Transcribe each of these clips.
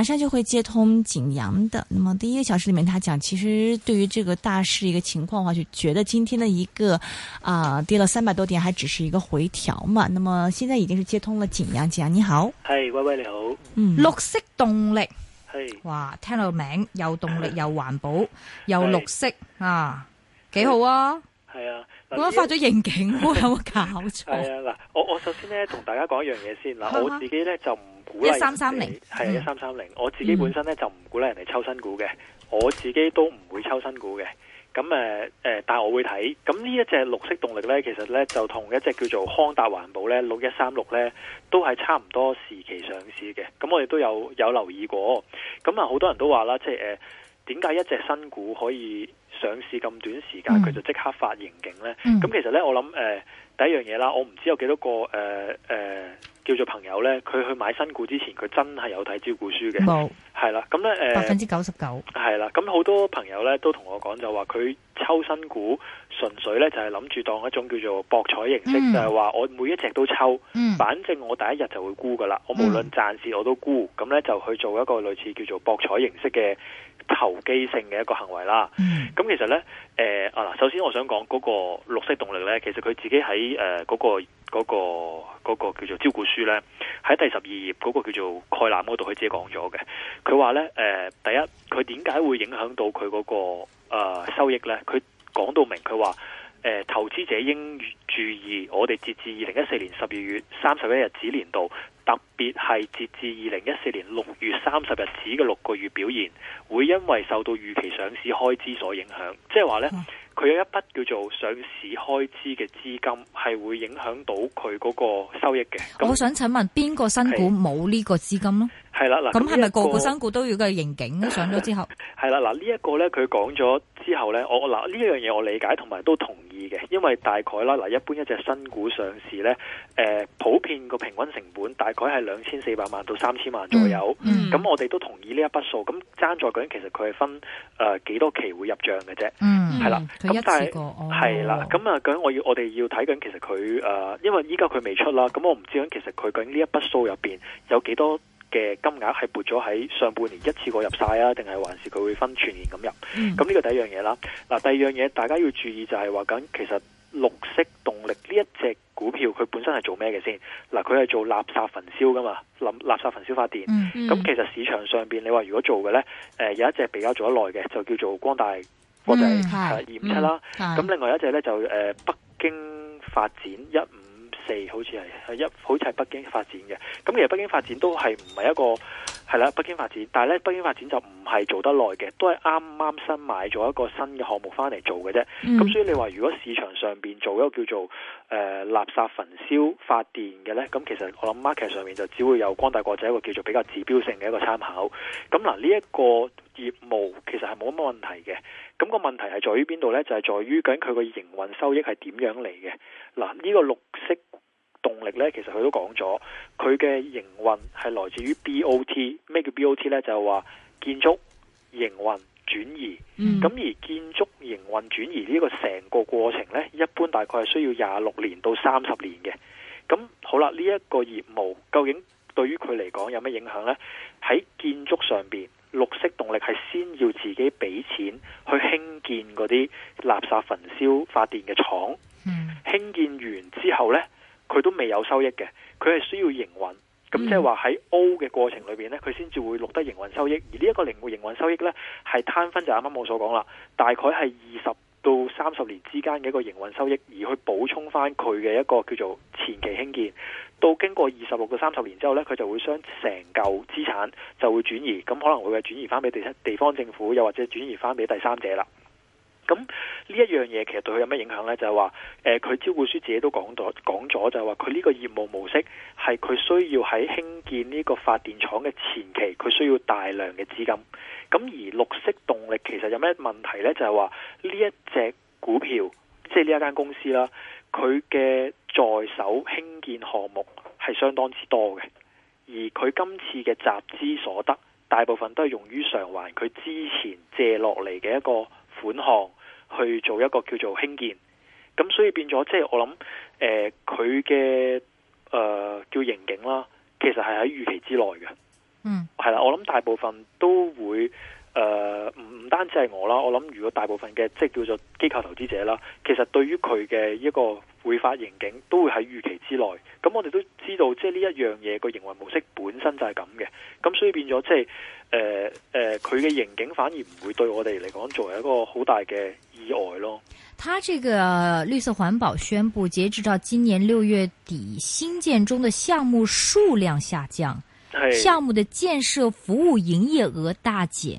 馬上就會接通景羊的。那麼第一個小時裏面他，他講其實對於這個大市一個情況的話，就覺得今天的一個啊、呃、跌了三百多點，還只是一個回調嘛。那麼現在已經是接通了景羊，景羊你好，係喂，喂你好，嗯，綠色動力，係、hey, 哇，聽到個名又動力又環、hey. 保又綠色、hey. 啊，幾好啊，係、hey. 啊，我發咗盈警，有冇搞錯？係啊，嗱，我我首先咧同大家講一樣嘢先嗱，我自己咧就唔。一三三零係一三三零，我自己本身咧就唔鼓勵人哋抽新股嘅，我自己都唔會抽新股嘅。咁誒誒，但係我會睇。咁呢一隻綠色動力咧，其實咧就同一隻叫做康達環保咧六一三六咧，都係差唔多時期上市嘅。咁我哋都有有留意過。咁啊，好多人都話啦，即係誒，點、呃、解一隻新股可以上市咁短時間，佢、嗯、就即刻發盈警咧？咁、嗯、其實咧，我諗誒、呃、第一樣嘢啦，我唔知有幾多個誒誒。呃呃叫做朋友呢，佢去買新股之前，佢真係有睇招股書嘅。冇係啦，咁呢，呃、百分之九十九係啦，咁好多朋友呢都同我講就話，佢抽新股純粹呢，就係諗住當一種叫做博彩形式，嗯、就係話我每一隻都抽，嗯、反正我第一日就會沽噶啦，我無論賺蝕我都沽，咁呢、嗯，就去做一個類似叫做博彩形式嘅。投機性嘅一個行為啦，咁、嗯嗯、其實呢，誒、呃、啊，首先我想講嗰個綠色動力呢，其實佢自己喺誒嗰個、那個、那個叫做招股書呢，喺第十二頁嗰個叫做概覽嗰度，佢自己講咗嘅。佢話呢，誒、呃，第一，佢點解會影響到佢嗰、那個誒、呃、收益呢？佢講到明，佢話，誒，投資者應注意，我哋截至二零一四年十二月三十一日止年度，特別係截至二零一四年六月三十日止嘅六個月表現，會因為受到預期上市開支所影響，即係話呢佢、嗯、有一筆叫做上市開支嘅資金，係會影響到佢嗰個收益嘅。我想請問邊個新股冇呢個資金咯？係啦，咁係咪個個新股都要嘅盈警上咗之後？係啦、嗯，嗱呢一個咧，佢講咗之後咧，我嗱呢一樣嘢我理解同埋都同意嘅，因為大概啦，嗱一般一隻新股上市咧，誒、呃、普遍個平均成本大概係兩千四百萬到三千萬左右，咁、嗯嗯、我哋都同意呢一筆數，咁爭在究竟其實佢係分誒幾、呃、多期會入賬嘅啫，係啦，咁但係，係啦，咁啊究竟我要我哋要睇緊其實佢誒，因為依家佢未出啦，咁我唔知緊其實佢究竟呢一筆數入邊有幾多。嘅金額係撥咗喺上半年一次過入晒啊，定係還是佢會分全年咁入？咁呢個第一樣嘢啦。嗱，第二樣嘢大家要注意就係話緊，其實綠色動力呢一隻股票佢本身係做咩嘅先？嗱，佢係做垃圾焚燒㗎嘛，垃圾焚燒發電。咁、嗯嗯、其實市場上邊你話如果做嘅呢，誒、呃、有一隻比較做得耐嘅就叫做光大，或者係二五七啦。咁另外一隻呢，就誒、呃、北京發展一。四好似係，係一好似係北京發展嘅，咁其實北京發展都係唔係一個。係啦，北京發展，但係咧，北京發展就唔係做得耐嘅，都係啱啱新買咗一個新嘅項目翻嚟做嘅啫。咁、嗯、所以你話如果市場上邊做一個叫做誒、呃、垃圾焚燒發電嘅呢，咁其實我諗 market 上面就只會有光大國際一個叫做比較指標性嘅一個參考。咁嗱，呢、這、一個業務其實係冇乜問題嘅。咁、那個問題係在於邊度呢？就係、是、在於究竟佢個營運收益係點樣嚟嘅。嗱，呢、這個綠色。動力咧，其實佢都講咗，佢嘅營運係來自於 BOT。咩叫 BOT 咧？就係話建築營運轉移。咁、嗯、而建築營運轉移呢個成個過程咧，一般大概係需要廿六年到三十年嘅。咁好啦，呢一個業務究竟對於佢嚟講有咩影響咧？喺建築上邊，綠色動力係先要自己俾錢去興建嗰啲垃圾焚燒發電嘅廠。嗯、興建完之後咧？佢都未有收益嘅，佢係需要營運，咁即係話喺 O 嘅過程裏邊咧，佢先至會錄得營運收益。而呢一個靈活營運收益咧，係攤分就啱啱我所講啦，大概係二十到三十年之間嘅一個營運收益，而去補充翻佢嘅一個叫做前期興建，到經過二十六到三十年之後咧，佢就會將成舊資產就會轉移，咁可能會係轉移翻俾地地方政府，又或者轉移翻俾第三者啦。咁呢一樣嘢其實對佢有咩影響呢？就係話，佢，呃，招股書自己都講咗。講咗，就係話佢呢個業務模式係佢需要喺興建呢個發電廠嘅前期，佢需要大量嘅資金。咁而綠色動力其實有咩問題呢？就係話呢一隻股票，即係呢一間公司啦，佢嘅在手興建項目係相當之多嘅，而佢今次嘅集資所得，大部分都係用於償還佢之前借落嚟嘅一個款項。去做一個叫做興建，咁所以變咗即係我諗誒，佢嘅，誒叫盈警啦，其實係喺預期之內嘅，嗯，係啦，我諗大部分都會。誒，唔唔、呃、單止係我啦，我諗如果大部分嘅即係叫做機構投資者啦，其實對於佢嘅一個會發盈警都會喺預期之內。咁、嗯、我哋都知道，即係呢一樣嘢個營運模式本身就係咁嘅。咁、嗯、所以變咗即係誒誒，佢、呃、嘅、呃、盈警反而唔會對我哋嚟講作為一個好大嘅意外咯。他這個綠色環保宣布，截止到今年六月底，新建中的項目數量下降，是項目的建設服務營業額大減。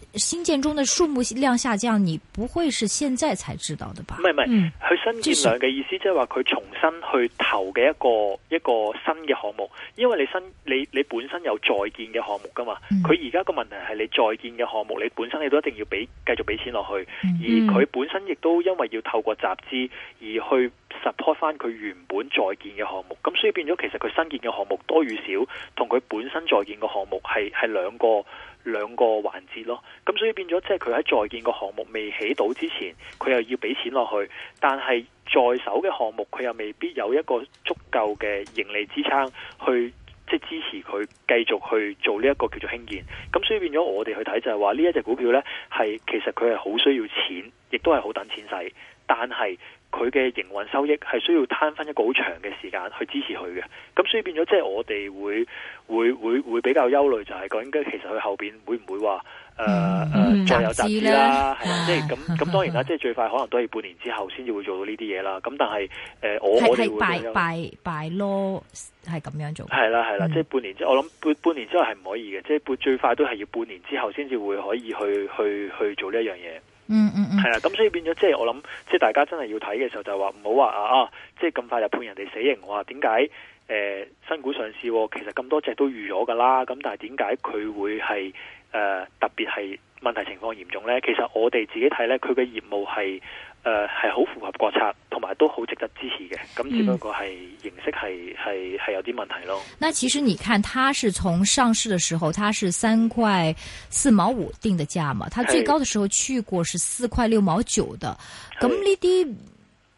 新建中的數目量下降，你不會是現在才知道的吧？唔係唔係，佢新建量嘅意思即係話佢重新去投嘅一個一個新嘅項目，因為你新你你本身有在建嘅項目噶嘛，佢而家個問題係你在建嘅項目，你本身你都一定要俾繼續俾錢落去，嗯、而佢本身亦都因為要透過集資而去 support 翻佢原本在建嘅項目，咁所以變咗其實佢新建嘅項目多與少，同佢本身在建嘅項目係係兩個。兩個環節咯，咁所以變咗即係佢喺在建個項目未起到之前，佢又要俾錢落去，但係在手嘅項目佢又未必有一個足夠嘅盈利支撐去即支持佢繼續去做呢一個叫做興建，咁所以變咗我哋去睇就係話呢一隻股票呢，係其實佢係好需要錢，亦都係好等錢使。但係佢嘅營運收益係需要攤分一個好長嘅時間去支持佢嘅，咁、嗯、所以變咗即係我哋會會會會比較憂慮，就係講緊其實佢後邊會唔會話誒誒再有集資啦？即係咁咁當然啦，即係最快可能都係半年之後先至會做到呢啲嘢啦。咁但係誒我我哋會咁樣。係係拜拜拜羅係咁樣做。係啦係啦，即係半年之我諗半半年之後係唔可以嘅，即係最快都係要半年之後先至會可以去去去做呢一樣嘢。嗯嗯嗯，係啦、mm, mm, mm，咁所以變咗，即係我諗，即係大家真係要睇嘅時候，就話唔好話啊啊，即係咁快就判人哋死刑。話點解？誒，新股上市，其實咁多隻都預咗噶啦，咁但係點解佢會係誒特別係問題情況嚴重咧？其實我哋自己睇咧，佢嘅業務係誒係好符合國策。都好值得支持嘅，咁只不過係、嗯、形式係係係有啲問題咯。嗱其實你看，它是從上市嘅時候，它是三塊四毛五定的價嘛？它最高的時候去過是四塊六毛九的。咁呢啲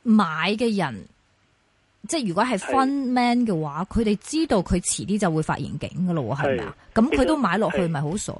買嘅人，即係是如果係 fund man 嘅話，佢哋是知道佢遲啲就會發盈警嘅咯，係咪啊？咁佢吧是都買落去咪好傻？誒、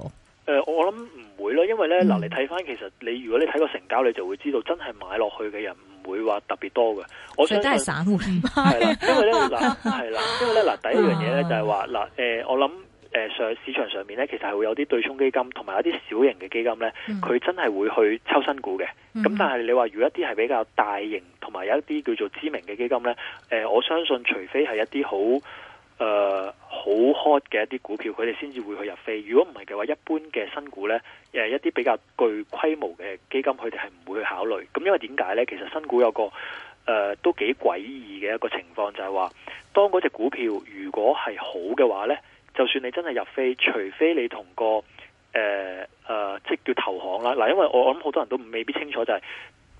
呃，我諗唔會咯，因為咧嗱，你睇翻其實你如果你睇個成交，你就會知道真係買落去嘅人。會話特別多嘅，我想都係散戶。係 啦，因為咧嗱，係啦，因為咧嗱，第一樣嘢咧就係話嗱，誒、呃，我諗誒上市場上面咧，其實係會有啲對沖基金，同埋一啲小型嘅基金咧，佢真係會去抽新股嘅。咁、嗯、但係你話如果一啲係比較大型，同埋有一啲叫做知名嘅基金咧，誒、呃，我相信除非係一啲好。誒，好、呃、hot 嘅一啲股票，佢哋先至會去入飛。如果唔係嘅話，一般嘅新股呢，誒、呃、一啲比較具規模嘅基金，佢哋係唔會去考慮。咁、嗯、因為點解呢？其實新股有個誒、呃、都幾詭異嘅一個情況，就係、是、話，當嗰隻股票如果係好嘅話呢，就算你真係入飛，除非你同個誒誒、呃呃，即叫投行啦。嗱、呃，因為我我諗好多人都未必清楚、就是，就係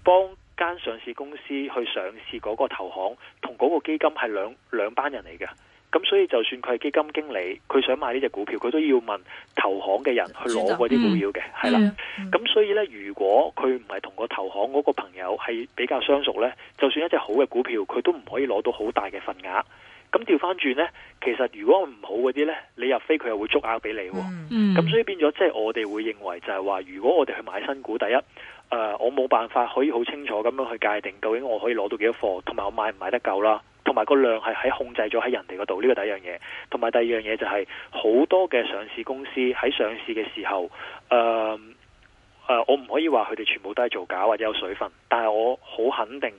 幫間上市公司去上市嗰個投行同嗰個基金係兩兩班人嚟嘅。咁所以就算佢係基金經理，佢想買呢隻股票，佢都要問投行嘅人去攞嗰啲股票嘅，係啦。咁所以呢，如果佢唔係同個投行嗰個朋友係比較相熟呢，就算一隻好嘅股票，佢都唔可以攞到好大嘅份額。咁調翻轉呢，其實如果唔好嗰啲呢，你入飛佢又會足額俾你嗯。嗯，咁所以變咗，即係我哋會認為就係話，如果我哋去買新股，第一，誒、呃，我冇辦法可以好清楚咁樣去界定究竟我可以攞到幾多貨，同埋我買唔買得夠啦。同埋個量係喺控制咗喺人哋嗰度，呢個第一樣嘢。同埋第二樣嘢就係、是、好多嘅上市公司喺上市嘅時候，誒、呃、誒、呃，我唔可以話佢哋全部都係造假或者有水分，但係我好肯定誒、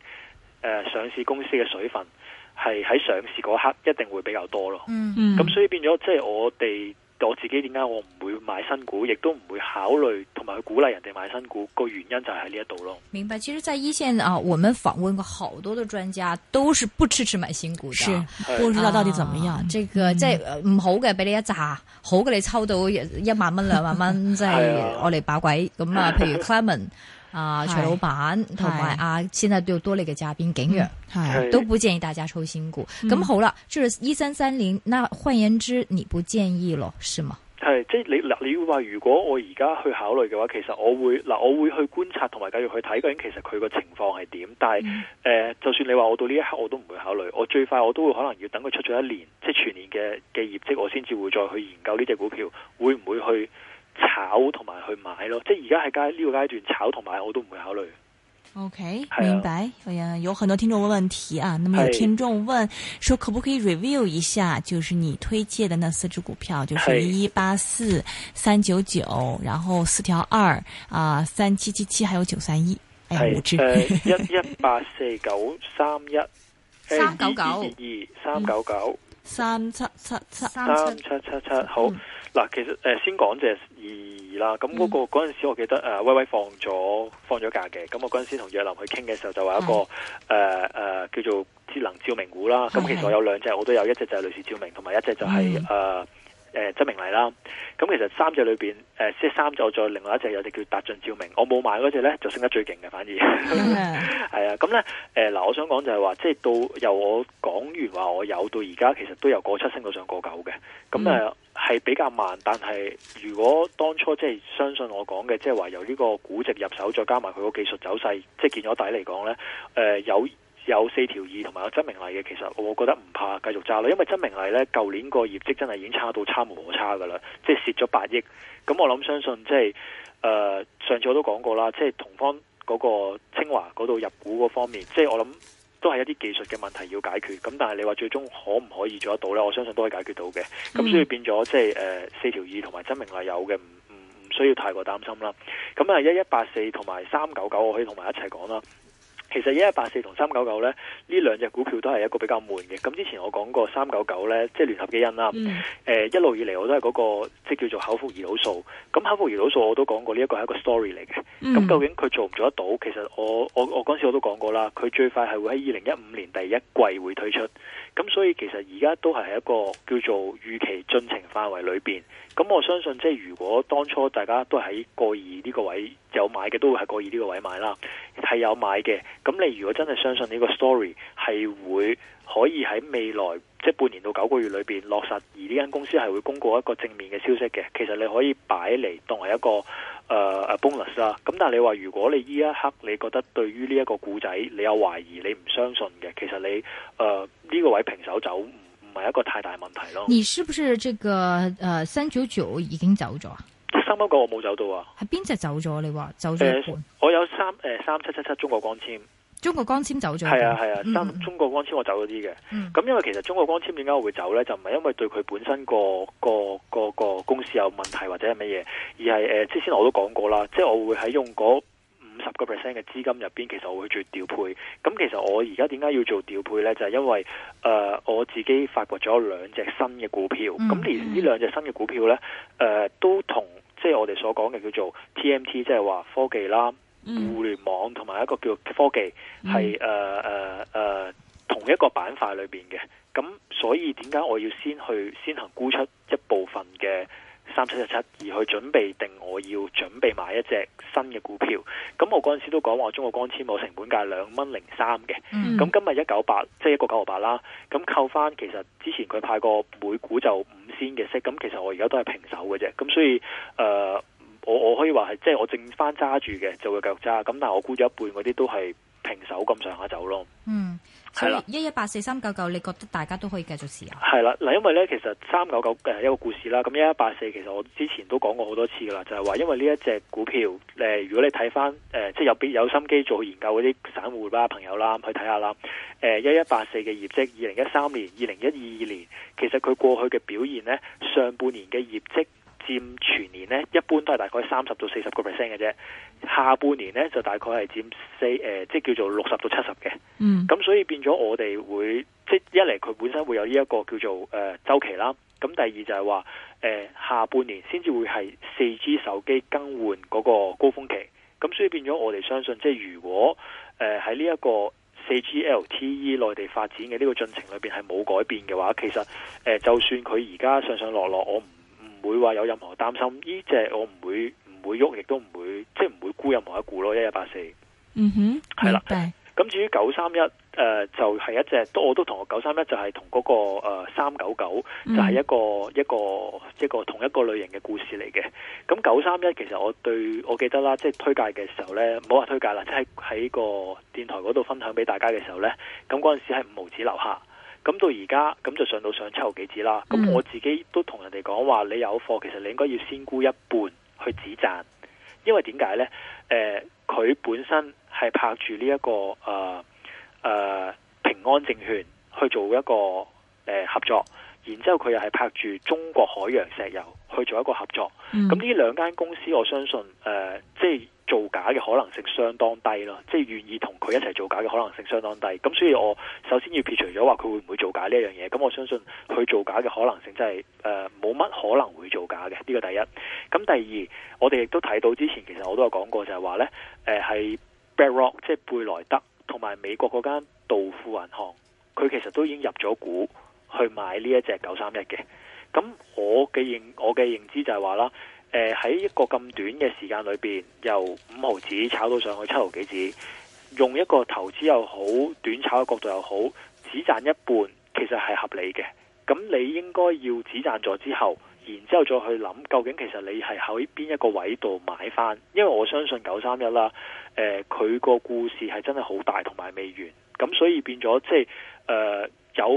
呃、上市公司嘅水分係喺上市嗰刻一定會比較多咯。嗯、mm，咁、hmm. 所以變咗即係我哋。我自己點解我唔會買新股，亦都唔會考慮同埋去鼓勵人哋買新股？個原因就係喺呢一度咯。明白，其實在一線啊，我們訪問過好多的專家，都是不支持買新股嘅。是，我、嗯、不知道到底怎麼樣。即係唔好嘅俾你一紮，好嘅你抽到一萬蚊兩萬蚊， 即係我哋把鬼咁啊。譬 如 Clement。 啊，徐老闆同埋啊，現在又多了嘅個嘉賓景羊，係、嗯、都不建議大家抽新股。咁是、嗯、好啦，就是一三三零。那換言之，你不建議咯，是嗎？係，即係你嗱，你要話如果我而家去考慮嘅話，其實我會嗱，我會去觀察同埋繼續去睇究竟。其實佢個情況係點。但係誒、嗯呃，就算你話我到呢一刻，我都唔會考慮。我最快我都會可能要等佢出咗一年，即係全年嘅嘅業績，我先至會再去研究呢隻股票會唔會去。炒同埋去買咯，即係而家喺階呢個階段炒同埋我都唔會考慮。OK，明白係啊。有很多聽眾問問題啊，那麼有聽眾問說可唔可以 review 一下，就是你推薦的那四隻股票，就是一八四三九九，然後四條二啊，三七七七，還有九三一，五隻。誒，一一八四九三一三九九二三九九三七七七三七七七好嗱，其實誒先講嘅。意義啦，咁嗰、mm hmm. 那個嗰陣時，我記得誒、呃、威威放咗放咗假嘅，咁我嗰陣時同若林去傾嘅時候就話一個誒誒、mm hmm. 呃呃、叫做智能照明股啦，咁、mm hmm. 其實我有兩隻，我都有一隻就係類似照明，同埋一隻就係、是、誒。Mm hmm. 呃誒，曾明麗啦，咁、啊、其實三隻裏邊，誒即係三隻，再另外一隻有隻叫達進照明，我冇買嗰隻咧，就升得最勁嘅，反而係對 啊，咁咧，誒、呃、嗱、呃呃呃，我想講就係話，即係到由我講完話，我有到而家，其實都由過七升到上過九嘅，咁啊係比較慢，但係如果當初即係相信我講嘅，即係話由呢個估值入手，再加埋佢個技術走勢，即係見咗底嚟講咧，誒、呃、有。有四條二同埋有真明麗嘅，其實我覺得唔怕繼續揸咯，因為真明麗呢，舊年個業績真係已經差到差無可差噶啦，即係蝕咗八億。咁我諗相信即係誒上次我都講過啦，即係同方嗰個清華嗰度入股嗰方面，即係我諗都係一啲技術嘅問題要解決。咁但係你話最終可唔可以做得到呢？我相信都可以解決到嘅。咁所以變咗即係誒四條二同埋真明麗有嘅，唔唔唔需要太過擔心啦。咁啊，一一八四同埋三九九，我可以同埋一齊講啦。其實一一八四同三九九咧，呢兩隻股票都係一個比較悶嘅。咁之前我講過三九九咧，即係聯合基因啦。誒、嗯呃，一路以嚟我都係嗰、那個即係叫做口服胰島素。咁口服胰島素我都講過，呢、這、一個係一個 story 嚟嘅。咁、嗯、究竟佢做唔做得到？其實我我我嗰時我都講過啦，佢最快係會喺二零一五年第一季會推出。咁所以其實而家都係喺一個叫做預期進程範圍裏邊。咁我相信即係如果當初大家都喺過二呢個位有買嘅，都會係過二呢個位買啦。係有買嘅，咁你如果真係相信呢個 story，係會可以喺未來即係半年到九個月裏邊落實，而呢間公司係會公告一個正面嘅消息嘅，其實你可以擺嚟當係一個誒、呃、bonus 啦。咁但係你話如果你呢一刻你覺得對於呢一個故仔你有懷疑，你唔相信嘅，其實你誒呢、呃這個位平手走唔係一個太大問題咯。你是不是這個誒三九九已經走咗啊？三蚊股我冇走到啊，係邊隻走咗你話？走咗、呃、我有三誒、呃、三七七七中國光纖、啊啊，中國光纖走咗。係啊係啊，三中國光纖我走咗啲嘅。咁、嗯、因為其實中國光纖點解會走呢？就唔係因為對佢本身個個個個，個公司有問題或者係乜嘢，而係誒、呃、之前我都講過啦，即、就、係、是、我會喺用嗰五十個 percent 嘅資金入邊，其實我會做調配。咁其實我而家點解要做調配呢？就係、是、因為誒、呃、我自己發掘咗兩隻新嘅股票，咁、嗯、連呢兩隻新嘅股票呢，誒、呃、都同。即係我哋所講嘅叫做 TMT，即係話科技啦、互聯網同埋一個叫做科技係誒誒誒同一個板塊裏邊嘅，咁所以點解我要先去先行沽出一部分嘅？三七七七，而去準備定我要準備買一隻新嘅股票。咁我嗰陣時都講話中國光纖冇成本價兩蚊零三嘅。咁、嗯、今日一九八，即係一個九毫八啦。咁扣翻其實之前佢派過每股就五仙嘅息。咁其實我而家都係平手嘅啫。咁所以誒、呃，我我可以話係即係我剩翻揸住嘅就會繼續揸。咁但係我沽咗一半嗰啲都係平手咁上下走咯。嗯。所以一一八四三九九，你覺得大家都可以繼續持有啊？係啦，嗱，因為咧，其實三九九嘅一個故事啦，咁一一八四，其實我之前都講過好多次噶啦，就係話，因為呢一隻股票，誒、呃，如果你睇翻，誒、呃，即係有必有心機做研究嗰啲散戶啦、朋友啦，去睇下啦，誒、呃，一一八四嘅業績，二零一三年、二零一二年，其實佢過去嘅表現咧，上半年嘅業績。佔全年咧，一般都係大概三十到四十個 percent 嘅啫。下半年咧就大概係佔四誒、呃，即係叫做六十到七十嘅。Mm. 嗯，咁所以變咗我哋會即係一嚟，佢本身會有呢一個叫做誒周、呃、期啦。咁第二就係話誒下半年先至會係四 G 手機更換嗰個高峰期。咁、嗯、所以變咗我哋相信，即係如果誒喺呢一個四 G LTE 內地發展嘅呢個進程裏邊係冇改變嘅話，其實誒、呃、就算佢而家上上落落，我唔。會話有任何擔心？呢隻我唔會唔會喐，亦都唔會即係唔會沽任何一股咯。一一八四，嗯哼，係啦。咁至於九三一，誒就係一隻，都我都同我九三一就係同嗰、那個誒三九九，呃、99, 就係一個、嗯、一個一個,一個同一個類型嘅故事嚟嘅。咁九三一其實我對，我記得啦，即、就、係、是、推介嘅時候呢，唔好話推介啦，即係喺個電台嗰度分享俾大家嘅時候呢，咁嗰陣時係五毫紙樓下。咁、嗯、到而家咁就上到上七抽幾子啦。咁我自己都同人哋講話，你有貨其實你應該要先沽一半去止賺，因為點解呢？誒、呃，佢本身係拍住呢一個誒誒、呃呃、平安證券去做一個誒、呃、合作，然之後佢又係拍住中國海洋石油去做一個合作。咁呢、嗯嗯嗯、兩間公司，我相信誒、呃、即係。造假嘅可能性相當低咯，即係願意同佢一齊造假嘅可能性相當低。咁所以我首先要撇除咗話佢會唔會造假呢一樣嘢。咁我相信佢造假嘅可能性真係誒冇乜可能會造假嘅。呢個第一。咁第二，我哋亦都睇到之前其實我都有講過就係話呢誒係 BlackRock 即係貝萊德同埋美國嗰間道富銀行，佢其實都已經入咗股去買呢一隻九三一嘅。咁我嘅認我嘅認知就係話啦。喺、呃、一個咁短嘅時間裏邊，由五毫子炒到上去七毫幾子，用一個投資又好，短炒嘅角度又好，只賺一半，其實係合理嘅。咁你應該要只賺咗之後，然之後再去諗究竟其實你係喺邊一個位度買返。因為我相信九三一啦，呃、佢個故事係真係好大，同埋未完。咁所以變咗即係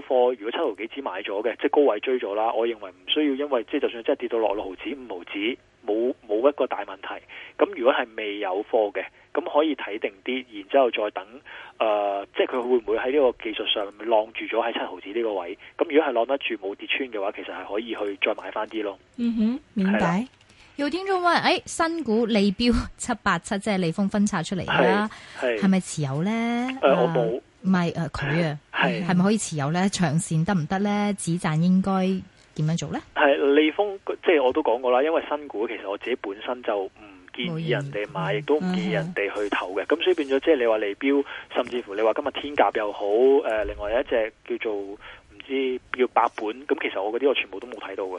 貨如果七毫幾紙買咗嘅，即係高位追咗啦，我認為唔需要，因為即係就算真係跌到落六毫紙、五毫紙，冇冇一個大問題。咁如果係未有貨嘅，咁可以睇定啲，然之後再等誒、呃，即係佢會唔會喺呢個技術上晾住咗喺七毫紙呢個位？咁如果係晾得住冇跌穿嘅話，其實係可以去再買翻啲咯。嗯哼，明白。有聽眾話：誒、哎，新股利標七八七，即係利豐分拆出嚟啦，係咪持有呢？誒、呃，我冇。咪誒佢啊，係係咪可以持有咧？長線得唔得咧？止賺應該點樣做咧？係、啊、利豐，即係我都講過啦。因為新股其實我自己本身就唔建議人哋買，亦都唔建議人哋去投嘅。咁、啊啊、所以變咗，即係你話利標，甚至乎你話今日天價又好，誒、呃、另外一隻叫做唔知叫百本。咁其實我嗰啲我全部都冇睇到嘅。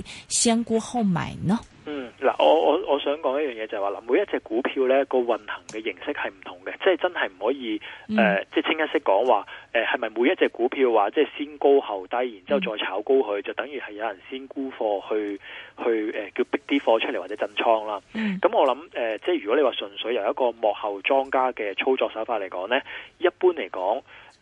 先沽後買呢？嗯，嗱，我我我想講一樣嘢就係話啦，每一隻股票咧個運行嘅形式係唔同嘅，即係真係唔可以誒、嗯呃，即係清一色講話誒係咪每一隻股票話即係先高後低，然之後再炒高佢，嗯、就等於係有人先沽貨去去誒、呃、叫逼啲貨出嚟或者震倉啦。咁、嗯、我諗誒、呃，即係如果你話純粹由一個幕後莊家嘅操作手法嚟講咧，一般嚟講。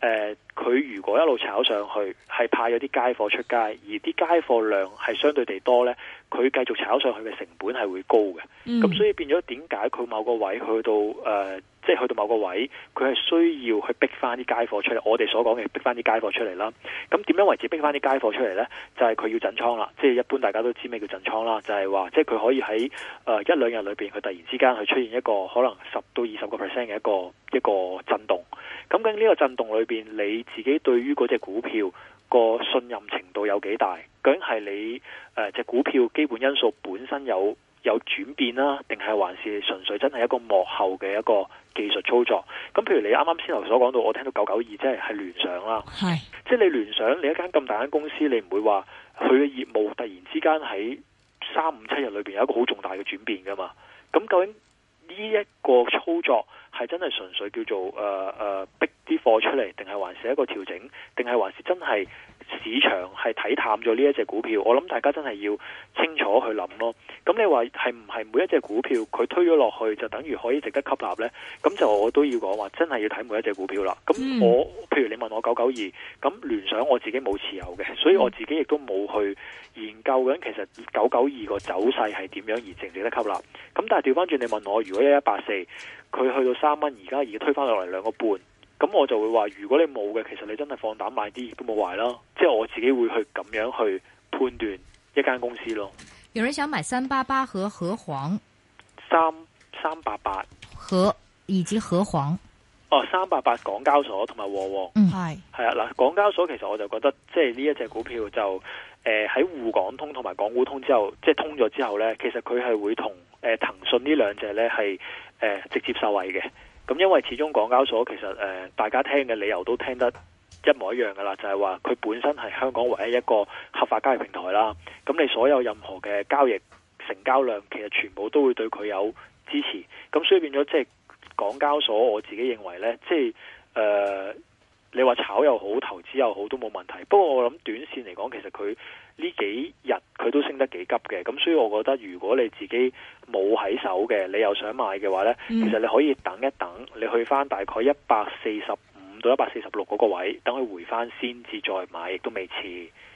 誒，佢、呃、如果一路炒上去，係派咗啲街貨出街，而啲街貨量係相對地多咧。佢繼續炒上去嘅成本係會高嘅，咁、嗯、所以變咗點解佢某個位去到誒，即、呃、係、就是、去到某個位，佢係需要去逼翻啲街貨出嚟。我哋所講嘅逼翻啲街貨出嚟啦。咁點樣為止逼翻啲街貨出嚟呢？就係、是、佢要震倉啦。即、就、係、是、一般大家都知咩叫震倉啦，就係話即係佢可以喺誒、呃、一兩日裏邊，佢突然之間去出現一個可能十到二十個 percent 嘅一個一個震動。咁喺呢個震動裏邊，你自己對於嗰隻股票個信任程度有幾大？究竟係你誒隻、呃、股票基本因素本身有有轉變啦、啊，定係還是純粹真係一個幕後嘅一個技術操作？咁，譬如你啱啱先頭所講到，我聽到九九二即係係聯想啦，係即係你聯想你一間咁大間公司，你唔會話佢嘅業務突然之間喺三五七日裏邊有一個好重大嘅轉變㗎嘛？咁究竟呢一個操作？係真係純粹叫做誒誒、呃呃、逼啲貨出嚟，定係還是一個調整，定係還是真係市場係睇淡咗呢一隻股票？我諗大家真係要清楚去諗咯。咁、嗯、你話係唔係每一隻股票佢推咗落去就等於可以值得吸納呢？咁就我都要講話真係要睇每一隻股票啦。咁我譬如你問我九九二，咁聯想我自己冇持有嘅，所以我自己亦都冇去研究緊，其實九九二個走勢係點樣而值唔值得吸納？咁但係調翻轉你問我，如果一一八四？佢去到三蚊，而家已經推翻落嚟兩個半，咁我就會話：如果你冇嘅，其實你真係放膽買啲都冇壞啦。即係我自己會去咁樣去判斷一間公司咯。有人想買三八八和和黃，三三八八和以及和黃。哦，三八八港交所同埋和和，係係啊嗱，港交所其實我就覺得，即係呢一隻股票就誒喺滬港通同埋港股通之後，即係通咗之後咧，其實佢係會同誒、呃、騰訊呢兩隻咧係誒直接受惠嘅。咁、嗯、因為始終港交所其實誒、呃、大家聽嘅理由都聽得一模一樣噶啦，就係話佢本身係香港唯一一個合法交易平台啦。咁、嗯、你所有任何嘅交易成交量，其實全部都會對佢有支持。咁、嗯、所以變咗即係。.港交所我自己認為呢，即係誒、呃，你話炒又好，投資又好都冇問題。不過我諗短線嚟講，其實佢呢幾日佢都升得幾急嘅。咁所以我覺得，如果你自己冇喺手嘅，你又想買嘅話呢，其實你可以等一等，你去翻大概一百四十五到一百四十六嗰個位，等佢回翻先至再買，亦都未遲。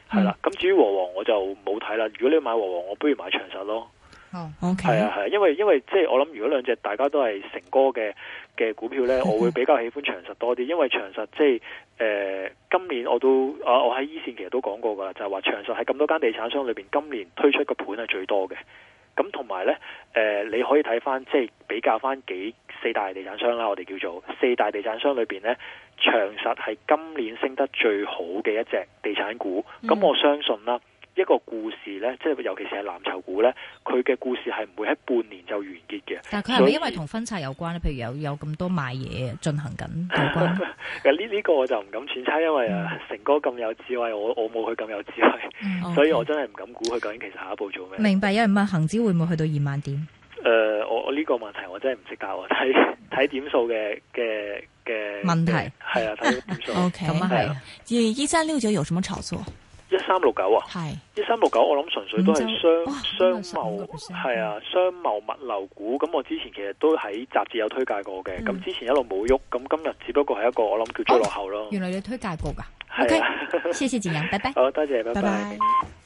係、嗯、啦，咁至於和黃，我就冇睇啦。如果你買和黃，我不如買長實咯。係、oh, okay. 啊，係啊，因為因為即係我諗，如果兩隻大家都係成哥嘅嘅股票呢，啊、我會比較喜歡長實多啲，因為長實即係、呃、今年我都、啊、我喺一、e、線其實都講過噶，就係、是、話長實喺咁多間地產商裏邊，今年推出個盤係最多嘅，咁同埋呢，誒、呃、你可以睇翻即係比較翻幾四大地產商啦，我哋叫做四大地產商裏邊呢，長實係今年升得最好嘅一隻地產股，咁我相信啦。嗯一個故事咧，即係尤其是係藍籌股咧，佢嘅故事係唔會喺半年就完結嘅。但係佢係咪因為同分拆有關咧？譬如有有咁多買嘢進行緊，呢呢個我就唔敢揣測，因為誒成哥咁有智慧，我我冇佢咁有智慧，所以我真係唔敢估佢究竟其實下一步做咩。明白，有人問恒指會唔會去到二萬點？誒，我我呢個問題我真係唔識答，我睇睇點數嘅嘅嘅問題係啊，睇點數。OK，咁啊係。而一三六九有什麼炒作？三六九啊，係，呢三六九我諗純粹都係商商貿，係啊，商貿物流股，咁我之前其實都喺雜誌有推介過嘅，咁、嗯、之前一路冇喐，咁今日只不過係一個我諗叫追落後咯、哦。原來你推介過噶係啊。多 謝指引，拜拜。好多謝，拜拜。拜拜。